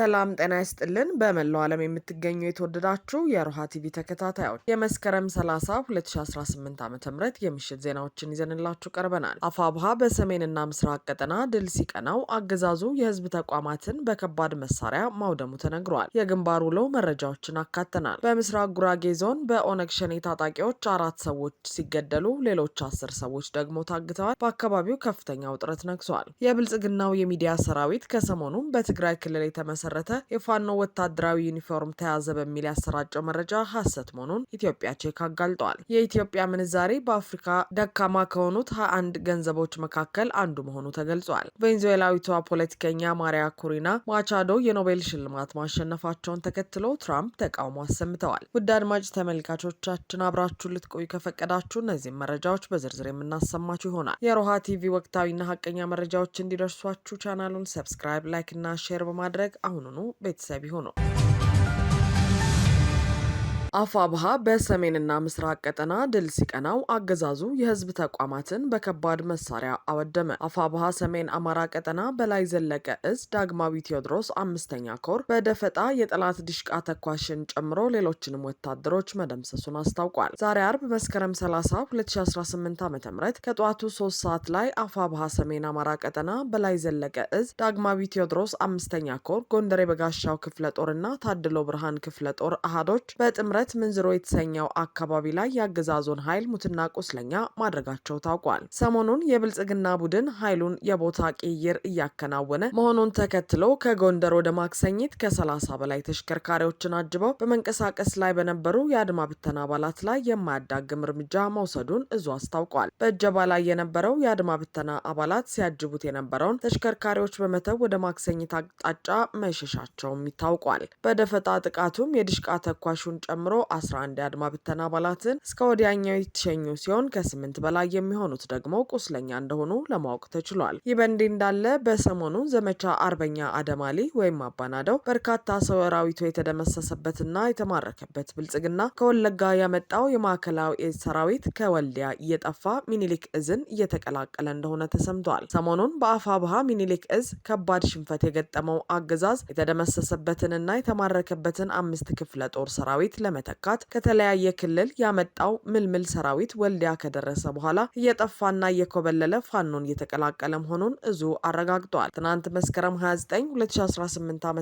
ሰላም ጤና ይስጥልን። በመላው ዓለም የምትገኙ የተወደዳችሁ የሮሃ ቲቪ ተከታታዮች የመስከረም 30 2018 ዓ ም የምሽት ዜናዎችን ይዘንላችሁ ቀርበናል። አፋብሃ በሰሜንና ምስራቅ ቀጠና ድል ሲቀናው አገዛዙ የህዝብ ተቋማትን በከባድ መሳሪያ ማውደሙ ተነግሯል። የግንባር ውሎ መረጃዎችን አካተናል። በምስራቅ ጉራጌ ዞን በኦነግ ሸኔ ታጣቂዎች አራት ሰዎች ሲገደሉ ሌሎች አስር ሰዎች ደግሞ ታግተዋል። በአካባቢው ከፍተኛ ውጥረት ነግሷል። የብልጽግናው የሚዲያ ሰራዊት ከሰሞኑም በትግራይ ክልል የተመሰ የተመሰረተ የፋኖ ወታደራዊ ዩኒፎርም ተያዘ በሚል ያሰራጨው መረጃ ሀሰት መሆኑን ኢትዮጵያ ቼክ አጋልጠዋል። የኢትዮጵያ ምንዛሬ በአፍሪካ ደካማ ከሆኑት ሀያ አንድ ገንዘቦች መካከል አንዱ መሆኑ ተገልጿል። ቬንዙዌላዊቷ ፖለቲከኛ ማሪያ ኩሪና ማቻዶ የኖቤል ሽልማት ማሸነፋቸውን ተከትሎ ትራምፕ ተቃውሞ አሰምተዋል። ውድ አድማጭ ተመልካቾቻችን አብራችሁ ልትቆዩ ከፈቀዳችሁ እነዚህም መረጃዎች በዝርዝር የምናሰማችሁ ይሆናል። የሮሃ ቲቪ ወቅታዊና ሀቀኛ መረጃዎች እንዲደርሷችሁ ቻናሉን ሰብስክራይብ፣ ላይክ እና ሼር በማድረግ አሁን የአሁኑኑ ቤተሰብ ይሁኑ። አፋብሃ በሰሜንና ምስራቅ ቀጠና ድል ሲቀናው አገዛዙ የህዝብ ተቋማትን በከባድ መሳሪያ አወደመ። አፋብሃ ሰሜን አማራ ቀጠና በላይ ዘለቀ እዝ ዳግማዊ ቴዎድሮስ አምስተኛ ኮር በደፈጣ የጠላት ድሽቃ ተኳሽን ጨምሮ ሌሎችንም ወታደሮች መደምሰሱን አስታውቋል። ዛሬ አርብ መስከረም 30 2018 ዓ ም ከጠዋቱ ሶስት ሰዓት ላይ አፋብሃ ሰሜን አማራ ቀጠና በላይ ዘለቀ እዝ ዳግማዊ ቴዎድሮስ አምስተኛ ኮር ጎንደር የበጋሻው ክፍለ ጦርና ታድሎ ብርሃን ክፍለ ጦር አሃዶች በጥምረት መሰረት ምንዝሮ የተሰኘው አካባቢ ላይ የአገዛዙን ኃይል ሙትና ቁስለኛ ማድረጋቸው ታውቋል። ሰሞኑን የብልጽግና ቡድን ኃይሉን የቦታ ቅይር እያከናወነ መሆኑን ተከትሎ ከጎንደር ወደ ማክሰኝት ከሰላሳ በላይ ተሽከርካሪዎችን አጅበው በመንቀሳቀስ ላይ በነበሩ የአድማ ብተና አባላት ላይ የማያዳግም እርምጃ መውሰዱን እዙ አስታውቋል። በእጀባ ላይ የነበረው የአድማ ብተና አባላት ሲያጅቡት የነበረውን ተሽከርካሪዎች በመተው ወደ ማክሰኝት አቅጣጫ መሸሻቸውም ይታውቋል። በደፈጣ ጥቃቱም የድሽቃ ተኳሹን ጨምሮ ጨምሮ 11 የአድማ ብተና አባላትን እስከ ወዲያኛው የተሸኙ ሲሆን ከስምንት በላይ የሚሆኑት ደግሞ ቁስለኛ እንደሆኑ ለማወቅ ተችሏል። ይህ በእንዲህ እንዳለ በሰሞኑ ዘመቻ አርበኛ አደማሊ ወይም አባናደው በርካታ ሰራዊቱ የተደመሰሰበትና የተማረከበት ብልጽግና ከወለጋ ያመጣው የማዕከላዊ ሰራዊት ከወልዲያ እየጠፋ ሚኒሊክ እዝን እየተቀላቀለ እንደሆነ ተሰምቷል። ሰሞኑን ባሃ ሚኒሊክ እዝ ከባድ ሽንፈት የገጠመው አገዛዝ የተደመሰሰበትንና የተማረከበትን አምስት ክፍለ ጦር ሰራዊት ለመ ለመተካት ከተለያየ ክልል ያመጣው ምልምል ሰራዊት ወልዲያ ከደረሰ በኋላ እየጠፋና እየኮበለለ ፋኖን እየተቀላቀለ መሆኑን እዙ አረጋግጧል። ትናንት መስከረም 29 2018 ዓ ም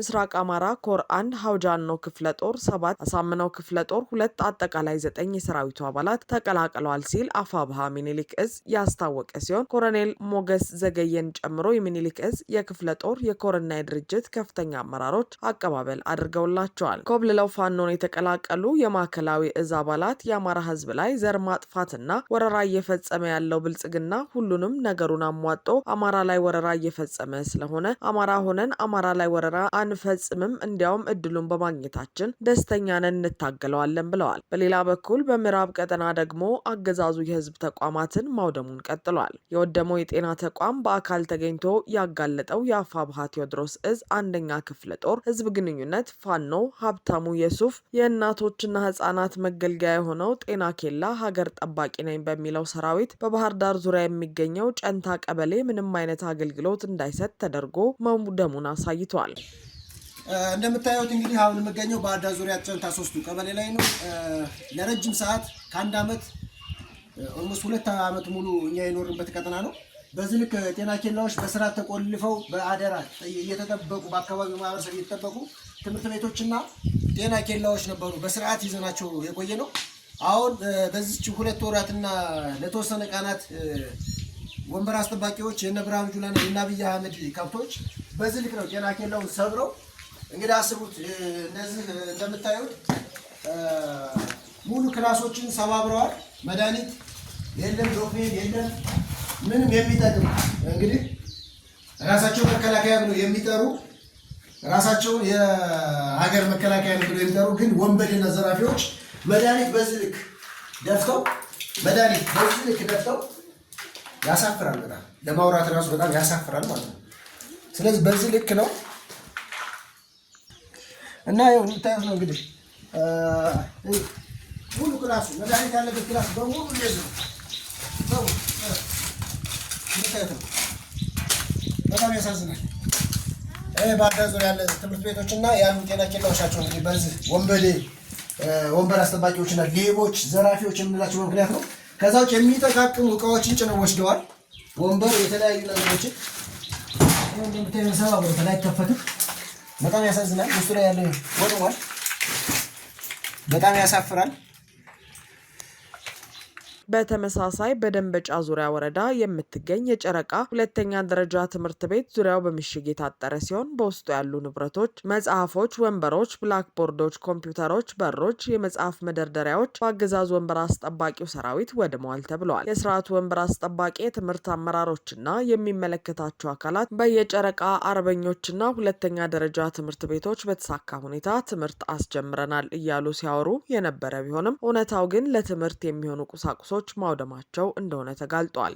ምስራቅ አማራ ኮር አንድ ሀውጃኖ ክፍለ ጦር ሰባት አሳምነው ክፍለ ጦር ሁለት አጠቃላይ ዘጠኝ የሰራዊቱ አባላት ተቀላቅለዋል ሲል አፋብሃ ሚኒሊክ እዝ ያስታወቀ ሲሆን ኮሎኔል ሞገስ ዘገየን ጨምሮ የሚኒሊክ እዝ የክፍለ ጦር የኮርና የድርጅት ከፍተኛ አመራሮች አቀባበል አድርገውላቸዋል። ኮብልለው ፋኖን የተቀ የተቀላቀሉ የማዕከላዊ እዝ አባላት የአማራ ህዝብ ላይ ዘር ማጥፋትና ወረራ እየፈጸመ ያለው ብልጽግና ሁሉንም ነገሩን አሟጦ አማራ ላይ ወረራ እየፈጸመ ስለሆነ አማራ ሆነን አማራ ላይ ወረራ አንፈጽምም፣ እንዲያውም እድሉን በማግኘታችን ደስተኛ ነን፣ እንታገለዋለን ብለዋል። በሌላ በኩል በምዕራብ ቀጠና ደግሞ አገዛዙ የህዝብ ተቋማትን ማውደሙን ቀጥሏል። የወደመው የጤና ተቋም በአካል ተገኝቶ ያጋለጠው የአፋ የአፋብሃ ቴዎድሮስ እዝ አንደኛ ክፍለ ጦር ህዝብ ግንኙነት ፋኖ ሀብታሙ የሱፍ ለእናቶችና ህጻናት መገልገያ የሆነው ጤና ኬላ ሀገር ጠባቂ ነኝ በሚለው ሰራዊት በባህር ዳር ዙሪያ የሚገኘው ጨንታ ቀበሌ ምንም አይነት አገልግሎት እንዳይሰጥ ተደርጎ መውደሙን አሳይቷል። እንደምታዩት እንግዲህ አሁን የምገኘው ባህር ዳር ዙሪያ ጨንታ ሶስቱ ቀበሌ ላይ ነው። ለረጅም ሰዓት ከአንድ አመት ኦልሞስት ሁለት አመት ሙሉ እኛ የኖርንበት ቀጠና ነው። በዚህ ልክ ጤና ኬላዎች በስርዓት ተቆልፈው በአደራ እየተጠበቁ በአካባቢው ማህበረሰብ እየተጠበቁ ትምህርት ቤቶችና ጤና ኬላዎች ነበሩ። በስርዓት ይዘናቸው የቆየ ነው። አሁን በዚች ሁለት ወራትና ለተወሰነ ቀናት ወንበር አስጠባቂዎች የነ ብርሃኑ ጁላ የነ አብይ አህመድ ከብቶች በዚህ ልክ ነው ጤና ኬላውን ሰብረው እንግዲህ አስቡት። እነዚህ እንደምታዩት ሙሉ ክላሶችን ሰባብረዋል። መድኃኒት የለም፣ ዶፌ የለም፣ ምንም የሚጠቅም እንግዲህ ራሳቸው መከላከያ ብለው የሚጠሩ ራሳቸውን የሀገር መከላከያ ነው ብለው የሚጠሩ ግን ወንበዴና ዘራፊዎች መድኃኒት በዚህ ልክ ደፍተው መድኃኒት በዚህ ልክ ደፍተው ያሳፍራል። በጣም ለማውራት ራሱ በጣም ያሳፍራል ማለት ነው። ስለዚህ በዚህ ልክ ነው እና ይኸው የምታዩት ነው እንግዲህ ሙሉ ክላሱ መድኃኒት ያለበት ክላስ በሙሉ እንደዚህ ነው። በጣም ያሳዝናል። ባህርዳር ዙሪያ ያለ ትምህርት ቤቶችና ያሉ ጤና ኬላዎች ናቸው። እንግዲህ በዚህ ወንበዴ ወንበር አስጠባቂዎችና ሌቦች፣ ዘራፊዎች የምንላቸው ምክንያት ነው። ከዛ ውጭ የሚጠቃቅሙ እቃዎችን ጭነው ወስደዋል። ወንበር፣ የተለያዩ ነገሮችን ሰባብሮ አይከፈትም። በጣም ያሳዝናል። ውስጡ ላይ ያለ ወጥሟል። በጣም ያሳፍራል። በተመሳሳይ በደንበጫ ዙሪያ ወረዳ የምትገኝ የጨረቃ ሁለተኛ ደረጃ ትምህርት ቤት ዙሪያው በምሽግ የታጠረ ሲሆን በውስጡ ያሉ ንብረቶች መጽሐፎች፣ ወንበሮች፣ ብላክቦርዶች፣ ኮምፒውተሮች፣ በሮች፣ የመጽሐፍ መደርደሪያዎች በአገዛዙ ወንበር አስጠባቂው ሰራዊት ወድመዋል ተብለዋል። የስርዓቱ ወንበር አስጠባቂ የትምህርት አመራሮችና የሚመለከታቸው አካላት በየጨረቃ አርበኞችና ሁለተኛ ደረጃ ትምህርት ቤቶች በተሳካ ሁኔታ ትምህርት አስጀምረናል እያሉ ሲያወሩ የነበረ ቢሆንም እውነታው ግን ለትምህርት የሚሆኑ ቁሳቁሶች መንደሮች ማውደማቸው እንደሆነ ተጋልጧል።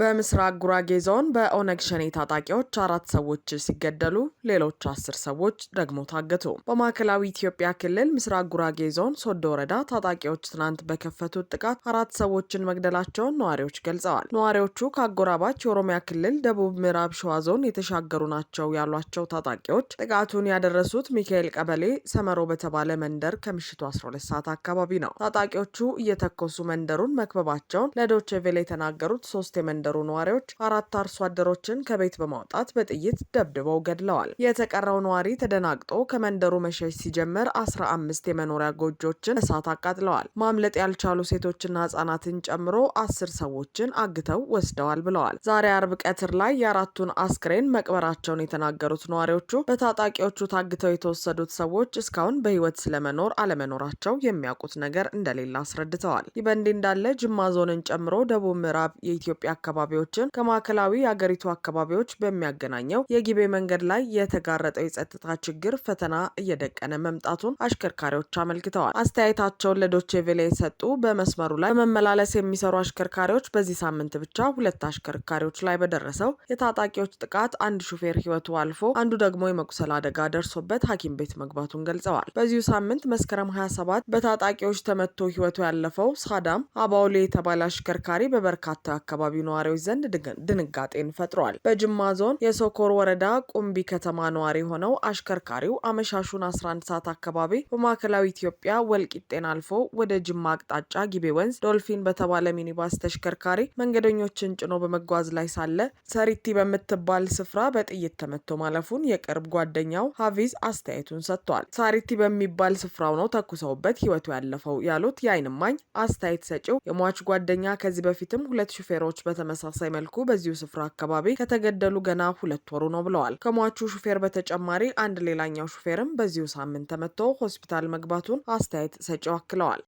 በምስራቅ ጉራጌ ዞን በኦነግ ሸኔ ታጣቂዎች አራት ሰዎች ሲገደሉ ሌሎች አስር ሰዎች ደግሞ ታገቱ። በማዕከላዊ ኢትዮጵያ ክልል ምስራቅ ጉራጌ ዞን ሶዶ ወረዳ ታጣቂዎች ትናንት በከፈቱት ጥቃት አራት ሰዎችን መግደላቸውን ነዋሪዎች ገልጸዋል። ነዋሪዎቹ ከአጎራባች የኦሮሚያ ክልል ደቡብ ምዕራብ ሸዋ ዞን የተሻገሩ ናቸው ያሏቸው ታጣቂዎች ጥቃቱን ያደረሱት ሚካኤል ቀበሌ ሰመሮ በተባለ መንደር ከምሽቱ 12 ሰዓት አካባቢ ነው። ታጣቂዎቹ እየተኮሱ መንደሩን መክበባቸውን ለዶቼ ቬለ የተናገሩት ሶስት የመንደ አደሩ ነዋሪዎች አራት አርሶ አደሮችን ከቤት በማውጣት በጥይት ደብድበው ገድለዋል። የተቀረው ነዋሪ ተደናግጦ ከመንደሩ መሸሽ ሲጀምር አስራ አምስት የመኖሪያ ጎጆችን እሳት አቃጥለዋል። ማምለጥ ያልቻሉ ሴቶችና ህጻናትን ጨምሮ አስር ሰዎችን አግተው ወስደዋል ብለዋል። ዛሬ አርብ ቀትር ላይ የአራቱን አስክሬን መቅበራቸውን የተናገሩት ነዋሪዎቹ በታጣቂዎቹ ታግተው የተወሰዱት ሰዎች እስካሁን በህይወት ስለመኖር አለመኖራቸው የሚያውቁት ነገር እንደሌለ አስረድተዋል። ይህ በእንዲህ እንዳለ ጅማ ዞንን ጨምሮ ደቡብ ምዕራብ የኢትዮጵያ አካባቢ አካባቢዎችን ከማዕከላዊ የአገሪቱ አካባቢዎች በሚያገናኘው የጊቤ መንገድ ላይ የተጋረጠው የጸጥታ ችግር ፈተና እየደቀነ መምጣቱን አሽከርካሪዎች አመልክተዋል። አስተያየታቸውን ለዶቼ ቬለ የሰጡ በመስመሩ ላይ በመመላለስ የሚሰሩ አሽከርካሪዎች በዚህ ሳምንት ብቻ ሁለት አሽከርካሪዎች ላይ በደረሰው የታጣቂዎች ጥቃት አንድ ሹፌር ህይወቱ አልፎ አንዱ ደግሞ የመቁሰል አደጋ ደርሶበት ሐኪም ቤት መግባቱን ገልጸዋል። በዚሁ ሳምንት መስከረም 27 በታጣቂዎች ተመቶ ህይወቱ ያለፈው ሳዳም አባውሌ የተባለ አሽከርካሪ በበርካታ አካባቢው ነዋሪ ነዋሪዎች ዘንድ ድንጋጤን ፈጥሯል። በጅማ ዞን የሶኮር ወረዳ ቁምቢ ከተማ ነዋሪ የሆነው አሽከርካሪው አመሻሹን 11 ሰዓት አካባቢ በማዕከላዊ ኢትዮጵያ ወልቂጤን አልፎ ወደ ጅማ አቅጣጫ ጊቤ ወንዝ ዶልፊን በተባለ ሚኒባስ ተሽከርካሪ መንገደኞችን ጭኖ በመጓዝ ላይ ሳለ ሰሪቲ በምትባል ስፍራ በጥይት ተመቶ ማለፉን የቅርብ ጓደኛው ሀቪዝ አስተያየቱን ሰጥቷል። ሳሪቲ በሚባል ስፍራው ነው ተኩሰውበት ህይወቱ ያለፈው ያሉት የአይንማኝ አስተያየት ሰጪው የሟች ጓደኛ ከዚህ በፊትም ሁለት ሹፌሮች በተመ በተመሳሳይ መልኩ በዚሁ ስፍራ አካባቢ ከተገደሉ ገና ሁለት ወሩ ነው ብለዋል። ከሟቹ ሹፌር በተጨማሪ አንድ ሌላኛው ሹፌርም በዚሁ ሳምንት ተመትቶ ሆስፒታል መግባቱን አስተያየት ሰጪው አክለዋል።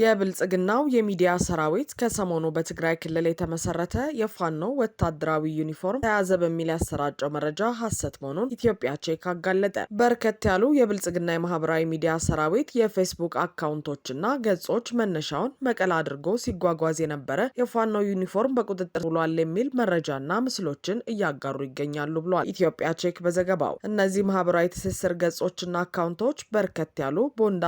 የብልጽግናው የሚዲያ ሰራዊት ከሰሞኑ በትግራይ ክልል የተመሰረተ የፋኖ ወታደራዊ ዩኒፎርም ተያዘ በሚል ያሰራጨው መረጃ ሐሰት መሆኑን ኢትዮጵያ ቼክ አጋለጠ። በርከት ያሉ የብልጽግና የማህበራዊ ሚዲያ ሰራዊት የፌስቡክ አካውንቶችና ገጾች መነሻውን መቀለ አድርጎ ሲጓጓዝ የነበረ የፋኖ ዩኒፎርም በቁጥጥር ውሏል የሚል መረጃና ምስሎችን እያጋሩ ይገኛሉ ብሏል ኢትዮጵያ ቼክ በዘገባው። እነዚህ ማህበራዊ ትስስር ገጾችና አካውንቶች በርከት ያሉ ቦንዳ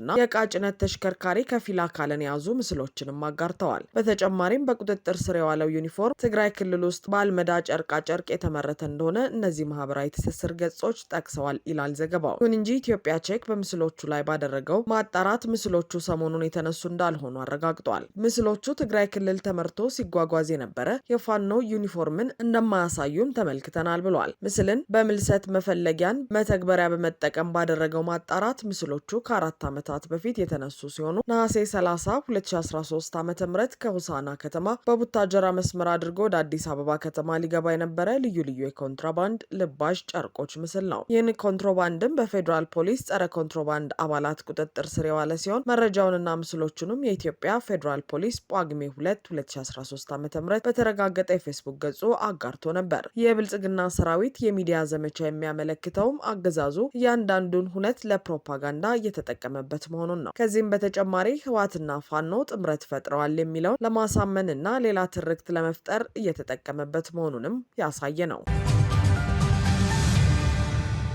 እና የዕቃ ጭነት ተሽከርካሪ ከፊል አካልን የያዙ ምስሎችንም አጋርተዋል። በተጨማሪም በቁጥጥር ስር የዋለው ዩኒፎርም ትግራይ ክልል ውስጥ በአልመዳ ጨርቃ ጨርቅ የተመረተ እንደሆነ እነዚህ ማህበራዊ ትስስር ገጾች ጠቅሰዋል ይላል ዘገባው። ይሁን እንጂ ኢትዮጵያ ቼክ በምስሎቹ ላይ ባደረገው ማጣራት ምስሎቹ ሰሞኑን የተነሱ እንዳልሆኑ አረጋግጧል። ምስሎቹ ትግራይ ክልል ተመርቶ ሲጓጓዝ የነበረ የፋኖ ዩኒፎርምን እንደማያሳዩም ተመልክተናል ብሏል። ምስልን በምልሰት መፈለጊያን መተግበሪያ በመጠቀም ባደረገው ማጣራት ምስሎቹ ከአራት ዓመታት በፊት የተነሱ ሲሆኑ ነሐሴ 30 2013 ዓ ም ከሁሳና ከተማ በቡታጀራ መስመር አድርጎ ወደ አዲስ አበባ ከተማ ሊገባ የነበረ ልዩ ልዩ የኮንትራባንድ ልባሽ ጨርቆች ምስል ነው። ይህን ኮንትሮባንድም በፌዴራል ፖሊስ ጸረ ኮንትሮባንድ አባላት ቁጥጥር ስር የዋለ ሲሆን መረጃውንና ምስሎቹንም የኢትዮጵያ ፌዴራል ፖሊስ ጳጉሜ 2 2013 ዓ ም በተረጋገጠ የፌስቡክ ገጹ አጋርቶ ነበር። የብልጽግና ሰራዊት የሚዲያ ዘመቻ የሚያመለክተውም አገዛዙ እያንዳንዱን ሁነት ለፕሮፓጋንዳ እየተጠቀመበት መሆኑን ነው። ከዚህም በተጨማሪ በተጨማሪ ህዋትና ፋኖ ጥምረት ፈጥረዋል የሚለውን ለማሳመንና ሌላ ትርክት ለመፍጠር እየተጠቀመበት መሆኑንም ያሳየ ነው።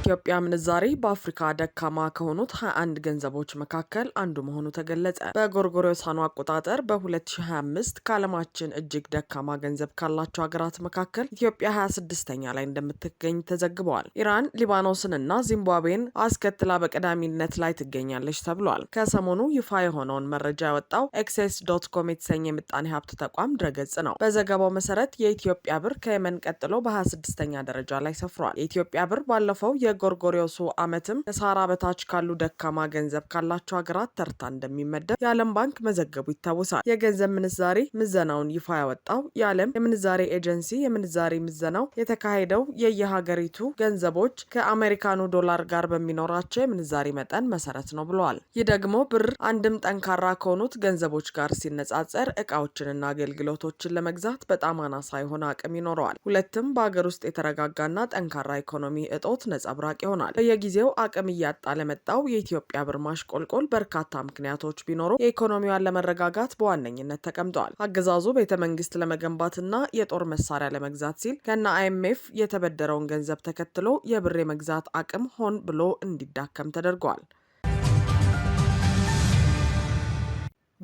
የኢትዮጵያ ምንዛሬ በአፍሪካ ደካማ ከሆኑት 21 ገንዘቦች መካከል አንዱ መሆኑ ተገለጸ። በጎርጎሮሳኑ አቆጣጠር በ2025 ከዓለማችን እጅግ ደካማ ገንዘብ ካላቸው ሀገራት መካከል ኢትዮጵያ 26ኛ ላይ እንደምትገኝ ተዘግበዋል። ኢራን ሊባኖስን እና ዚምባብዌን አስከትላ በቀዳሚነት ላይ ትገኛለች ተብሏል። ከሰሞኑ ይፋ የሆነውን መረጃ ያወጣው ኤክሴስ ዶት ኮም የተሰኘ የምጣኔ ሀብት ተቋም ድረገጽ ነው። በዘገባው መሰረት የኢትዮጵያ ብር ከየመን ቀጥሎ በ26ኛ ደረጃ ላይ ሰፍሯል። የኢትዮጵያ ብር ባለፈው የ በጎርጎሪዮሱ ዓመትም ከሳራ በታች ካሉ ደካማ ገንዘብ ካላቸው ሀገራት ተርታ እንደሚመደብ የዓለም ባንክ መዘገቡ ይታወሳል። የገንዘብ ምንዛሬ ምዘናውን ይፋ ያወጣው የዓለም የምንዛሬ ኤጀንሲ የምንዛሬ ምዘናው የተካሄደው የየሀገሪቱ ገንዘቦች ከአሜሪካኑ ዶላር ጋር በሚኖራቸው የምንዛሬ መጠን መሰረት ነው ብለዋል። ይህ ደግሞ ብር አንድም ጠንካራ ከሆኑት ገንዘቦች ጋር ሲነጻጸር እቃዎችንና አገልግሎቶችን ለመግዛት በጣም አናሳ የሆነ አቅም ይኖረዋል። ሁለትም በሀገር ውስጥ የተረጋጋና ጠንካራ ኢኮኖሚ እጦት ነጻ ነጸብራቅ ይሆናል። በየጊዜው አቅም እያጣ ለመጣው የኢትዮጵያ ብር ማሽቆልቆል በርካታ ምክንያቶች ቢኖሩ የኢኮኖሚዋን ለመረጋጋት በዋነኝነት ተቀምጠዋል። አገዛዙ ቤተ መንግስት ለመገንባትና የጦር መሳሪያ ለመግዛት ሲል ከነ አይኤምኤፍ የተበደረውን ገንዘብ ተከትሎ የብር የመግዛት አቅም ሆን ብሎ እንዲዳከም ተደርጓል።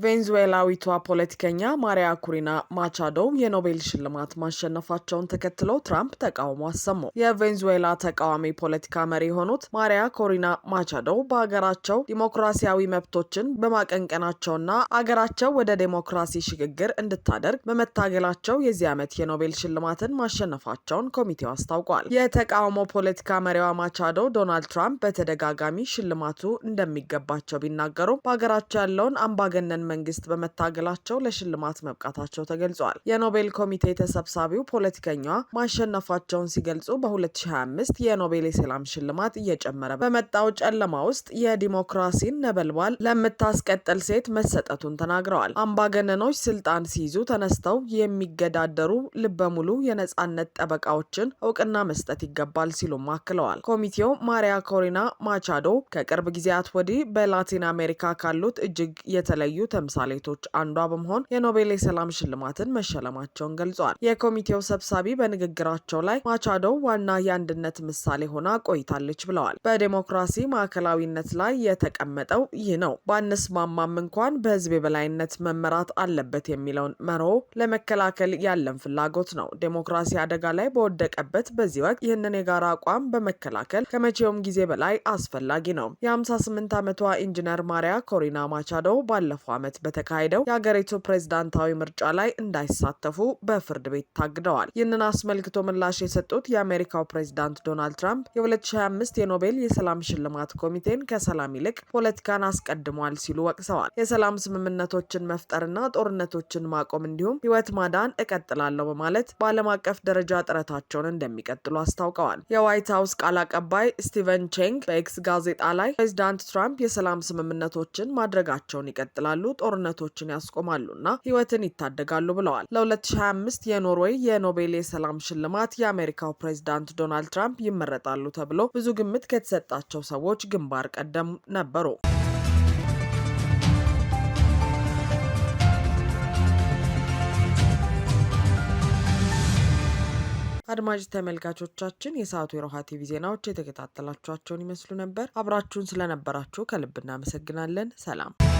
ቬንዙዌላዊቷ ፖለቲከኛ ማሪያ ኩሪና ማቻዶ የኖቤል ሽልማት ማሸነፋቸውን ተከትሎ ትራምፕ ተቃውሞ አሰሙ። የቬንዙዌላ ተቃዋሚ ፖለቲካ መሪ የሆኑት ማሪያ ኮሪና ማቻዶ በሀገራቸው ዲሞክራሲያዊ መብቶችን በማቀንቀናቸውና አገራቸው ወደ ዴሞክራሲ ሽግግር እንድታደርግ በመታገላቸው የዚህ ዓመት የኖቤል ሽልማትን ማሸነፋቸውን ኮሚቴው አስታውቋል። የተቃውሞ ፖለቲካ መሪዋ ማቻዶ ዶናልድ ትራምፕ በተደጋጋሚ ሽልማቱ እንደሚገባቸው ቢናገሩም በሀገራቸው ያለውን አምባገነን መንግስት በመታገላቸው ለሽልማት መብቃታቸው ተገልጿል። የኖቤል ኮሚቴ ተሰብሳቢው ፖለቲከኛዋ ማሸነፋቸውን ሲገልጹ በ2025 የኖቤል የሰላም ሽልማት እየጨመረ በመጣው ጨለማ ውስጥ የዲሞክራሲን ነበልባል ለምታስቀጥል ሴት መሰጠቱን ተናግረዋል። አምባገነኖች ስልጣን ሲይዙ ተነስተው የሚገዳደሩ ልበሙሉ የነጻነት ጠበቃዎችን እውቅና መስጠት ይገባል ሲሉም አክለዋል። ኮሚቴው ማሪያ ኮሪና ማቻዶ ከቅርብ ጊዜያት ወዲህ በላቲን አሜሪካ ካሉት እጅግ የተለዩ ተምሳሌቶች አንዷ በመሆን የኖቤል የሰላም ሽልማትን መሸለማቸውን ገልጿል። የኮሚቴው ሰብሳቢ በንግግራቸው ላይ ማቻዶ ዋና የአንድነት ምሳሌ ሆና ቆይታለች ብለዋል። በዴሞክራሲ ማዕከላዊነት ላይ የተቀመጠው ይህ ነው። ባንስማማም እንኳን በህዝብ የበላይነት መመራት አለበት የሚለውን መርሆ ለመከላከል ያለን ፍላጎት ነው። ዴሞክራሲ አደጋ ላይ በወደቀበት በዚህ ወቅት ይህንን የጋራ አቋም በመከላከል ከመቼውም ጊዜ በላይ አስፈላጊ ነው። የ58 ዓመቷ ኢንጂነር ማሪያ ኮሪና ማቻዶ ባለፈው ዓመት በተካሄደው የሀገሪቱ ፕሬዝዳንታዊ ምርጫ ላይ እንዳይሳተፉ በፍርድ ቤት ታግደዋል። ይህንን አስመልክቶ ምላሽ የሰጡት የአሜሪካው ፕሬዝዳንት ዶናልድ ትራምፕ የ2025 የኖቤል የሰላም ሽልማት ኮሚቴን ከሰላም ይልቅ ፖለቲካን አስቀድሟል ሲሉ ወቅሰዋል። የሰላም ስምምነቶችን መፍጠርና ጦርነቶችን ማቆም እንዲሁም ሕይወት ማዳን እቀጥላለሁ በማለት በዓለም አቀፍ ደረጃ ጥረታቸውን እንደሚቀጥሉ አስታውቀዋል። የዋይት ሀውስ ቃል አቀባይ ስቲቨን ቼንግ በኤክስ ጋዜጣ ላይ ፕሬዝዳንት ትራምፕ የሰላም ስምምነቶችን ማድረጋቸውን ይቀጥላሉ ጦርነቶችን ያስቆማሉና ህይወትን ይታደጋሉ ብለዋል። ለ2025 የኖርዌይ የኖቤል የሰላም ሽልማት የአሜሪካው ፕሬዚዳንት ዶናልድ ትራምፕ ይመረጣሉ ተብሎ ብዙ ግምት ከተሰጣቸው ሰዎች ግንባር ቀደም ነበሩ። አድማጭ ተመልካቾቻችን የሰዓቱ የሮሃ ቲቪ ዜናዎች የተከታተላችኋቸውን ይመስሉ ነበር። አብራችሁን ስለነበራችሁ ከልብ እናመሰግናለን። ሰላም